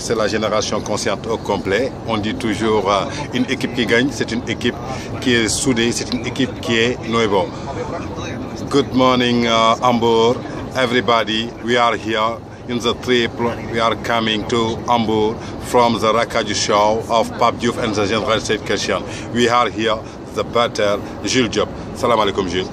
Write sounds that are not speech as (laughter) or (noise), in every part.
c'est la génération consciente au complet on dit toujours euh, une équipe qui gagne c'est une équipe qui est soudée c'est une équipe qui est nouvelle. good morning uh, everybody we are here in the triple. we are coming to Hambourg from the Rakaju show of Pape Diouf and the General State Christian we are here the better Jules Salam alaikum Jules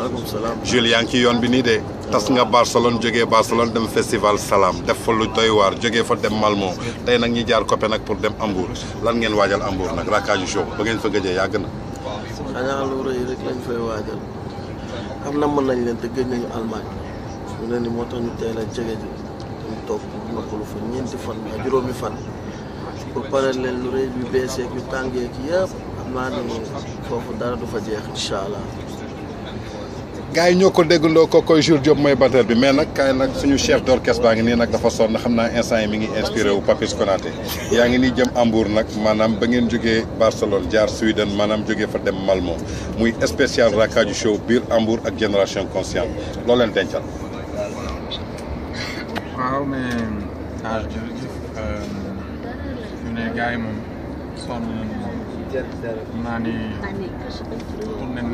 maaleykum salaam Jules ci yoon bi nii de. tas nga Barcelone jógee Barcelone dem festival Salam def fa lu doy waar jógee fa dem Malmo tey nag ñi jaar nag pour dem Hambourg lan ngeen waajal Hambourg nag raakaaju show ba ngeen fa gëjee yàgg na. xanaa lu rëy rek lañ fay waajal am na mën nañ leen te gëj nañu Allemagne ñu ne ni moo tax ñu teel a jege ji ñu toog noppalu fa ñeenti fan ba juróomi fan pour pare leen lu rëy bi beesee yu tàngee ki yëpp naa ne foofu dara du fa jeex incha allah. gars yi ñoo ko déggandoo ko koy jour Diop mooy batteur bi mais nag kaay nag suñu chef d'orchestre baa ngi nii nag dafa sonn xam naa instant yi mi ngi inspiré wu Papis Konaté yaa ngi nii jëm Hambourg nag maanaam ba ngeen jógee Barcelone jaar Sweden maanaam jógee fa dem Malmo muy spécial Rakkaaju Show biir Hambourg ak Génération Consciente loo leen dencal. waaw mais ah,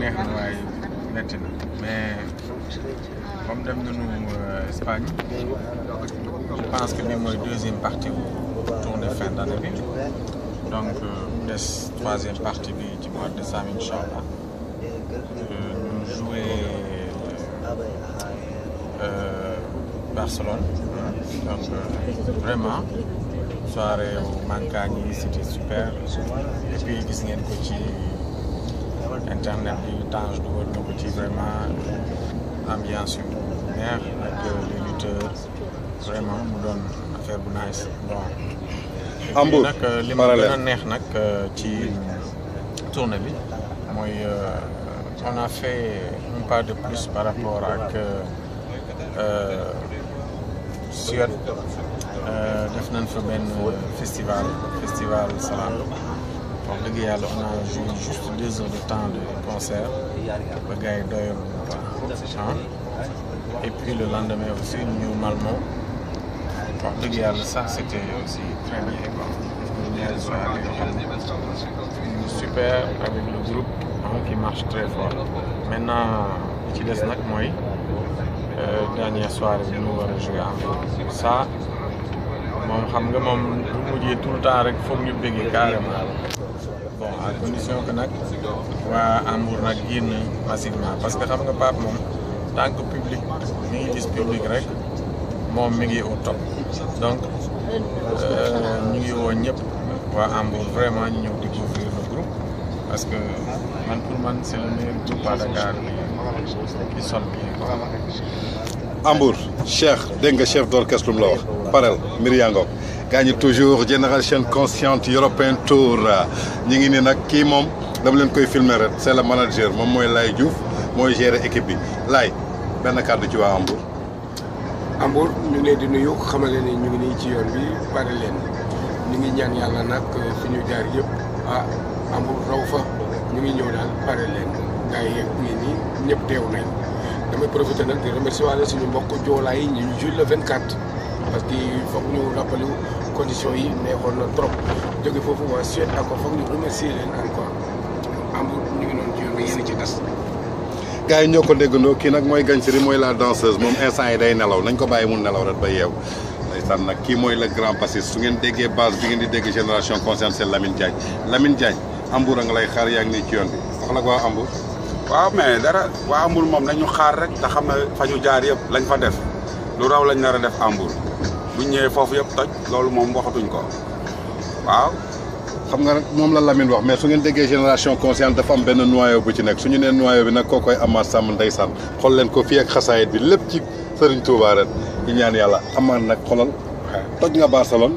euh, mais comme sommes en euh, Espagne je pense que bii mooy deuxième partie pour tourner fin d'année donc la euh, troisième partie du mois de décembre Inch'Allah, Nous euh, jouons Barcelone donc vraiment soirée au Mancani, c'était super et puis Disney ngeen internet bi Tange dugal na ko ci vraiment ambiance humaine neex ak euh, les lutteurs vraiment mu doon affaire bu nice bon Hambourg nag euh, li ma gën a neex nag euh, ci tournée bi mooy on a fait un pas de plus par rapport à ak Suède def nañ fa un festival festival Salam on a joué juste deux heures de temps de concert ah. et puis le lendemain aussi nous ñëw Malmont ça c'était aussi très bien super avec le groupe hein, qui marche très fort maintenant on utilise des euh, dernière soirée nous allons jouer a ça. moom xam nga moom bu mujjee tout le temps rek foog ñu bëggee carrément bon à condition que nag waa Amour nag génn facilement parce que xam nga Pape moom tant que public mi ngi gis public rek moom mi ngi au top donc euh, ñu ngi woo ñëpp waa Amour vraiment ñu ñëw découvrir le groupe parce que man pour man c'est le meilleur groupe à Dakar qui sonne bien. Amour Cheikh dégg nga chef d'orchestre mu la wax. appareil mbir yaa ngoog ñi toujours génération consciente européen tour ñi ngi ni nag kii moom dama leen koy filmer rek c'est le moom mooy Laye Diouf mooy gérer équipe bi Laye benn kàddu ci waa Hambourg. Hambourg ñu ngi leen di nuyu xamale ne ñu ngi nii ci yoon bi pare leen ñu ngi ñaan yàlla nag fi ñu jaar yëpp ah Hambourg raw fa ñu ngi ñëw daal pare leen gaa yi yëpp nii nii ñëpp nañ damay profité di remercier waale suñu mbokk joolaay yi ñu jul le parce que foog ñu rappelé yi neexoon na trop jóge foofu waa Suède encore foog ñu remercier leen encore Hambourg ñu ngi noonu ci bi yéen a ci des. gars ñoo ko déggandoo kii nag mooy Gagnerie mooy la danseuse moom instant yi day nelaw nañ ko bàyyi mu nelaw rek ba yeew. ndeysaan nag kii mooy le grand bassiste su ngeen déggee base bi ngeen di dégg génération consciente c'est Lamine Diagne Lamine Diagne Hambourg a nga lay xaar yaa ngi nii ci yoon bi wax la ko waa waaw mais dara waa Hambourg moom nañu xaar rek te xam ne fa ñu jaar yëpp lañ fa def lu raw lañ nar def Hambourg. bu ñëwee foofu yëpp toj loolu moom waxatuñ ko waaw. xam nga nag moom la Lamine wax mais su ngeen déggee génération consciente dafa am benn noyau bu ci nekk su ñu nee noyau bi nag koo koy Amath Samb ndeysaan xool leen ko fii ak xasaayit bi lépp ci Serigne Touba ren ñu ñaan yàlla Amath nag xolal toj nga Barcelone.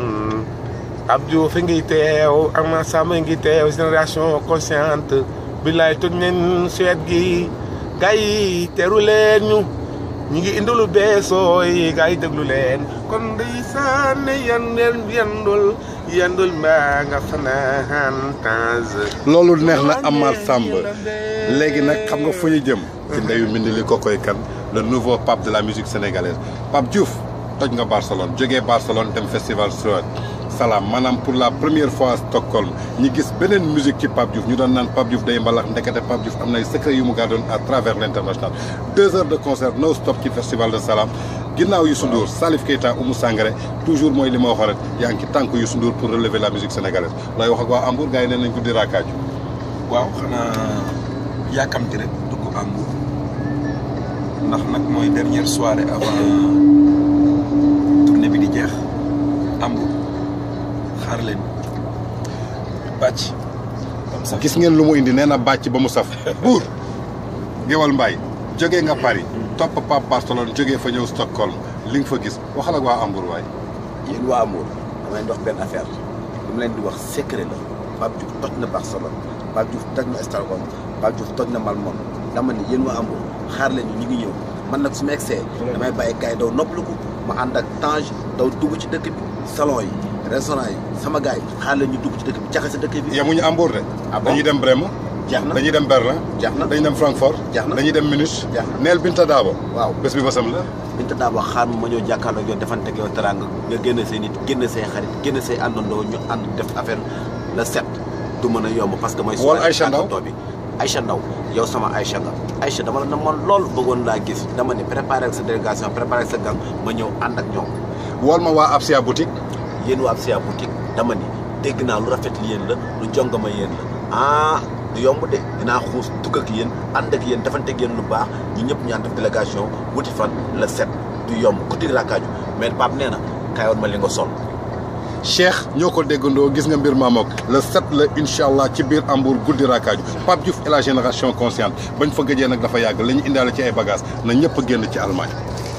Abdou fi ngi teew ak ma sàmm ngi teew génération consciente billaay toj neen gi gars yi leen ñu ñu ngi indi lu beesooy gars yi leen kon ndeysaan yan yendul yendul mbaa nga fanaan loolu neex na am Samb léegi nag xam nga fu ñu jëm ci ndeyu mbind li ko kan le nouveau pape de la musique sénégalaise Pape Diouf toj nga Barcelone jógee Barcelone dem festival Sowet Salam, manam pour la première fois à Stockholm ñi gis benen musique ci Pape Diouf ñu don nan Pape Diouf day mbalax ndekete Pape Diouf amnay secret yu mu à travers l'international. deux heures de concert no stop ci festival de salam ginnaw Youssou Ndour Salif Keita Oumou Sangaré toujours moy li ma waxoon rek yaa ngi ci tànk Youssou Ndour pour relever la musique sénégalaise lay wax ak wa Ambour gars yi nee nañ guddi raakaaju waaw xanaa yàkkamti rek dugg Ambour ndax nak moy dernière soirée avant tournée bi di jeex Ambour xaar leen bàcc. gis ngeen lu mu indi nee na bàcc ba mu saf. (laughs) buur Géwal Mbaye jógee nga Paris topp Pape Barcelone jógee fa ñëw Stockholm li nga fa gis waxal ak waa Hambourg waay. yéen waa Hambourg dama leen benn affaire li leen di wax secret la Pape Diouf toj na Barcelone Pape Diouf toj na Stockholm Pape Diouf toj na Malmon dama ne yéen waa Hambourg xaar leen ñu ngi ñëw man nag su ma egsee damay bàyyi gars yi daw noppalu ko mu ànd ak Tange daw dugg ci dëkk bi salon yi. restaurant sama gaay xaar la dugg ci dëkk bi jaxase dëkk bi yamuñu am bour de ah dañuy dem Brême jeex dañuy dem Berlin jeex dañuy dem Francfort jeex dañuy dem Munich jeex na Binta Dabo waaw bés bi basam la Binta Dabo xaar ma ñëw jàkkaarloo yow defante ak yow teranga nga génne say nit génne say xarit génne say àndandoo ñu ànd def affaire la set du mën yomb parce que Aïcha Ndaw Aïcha Ndaw yow sama Aïcha nga Aïcha dama la lool bëggoon gis dama sa délégation sa gang ma ak ma Absia boutique yéen waa Sia boutique dama ni dégg naa lu rafet li yéen la lu jongama yéen la ah du yomb de dinaa xuus dugg ak yéen ànd ak yéen defante ak yéen lu baax ñu ñëpp ñaan ànd def délégation wuti fan la set du yomb ku di rakkaaju mais Pape nee na kaayoon ma li nga sol Cheikh ñoo ko déggandoo gis nga mbir maamook le sept la incha ci biir Ambour guddi raakaaju Pape Diouf et la génération consciente bañ fa gëjee nag dafa yàgg la ñu indaale ci ay bagages na ñëpp génn ci Allemagne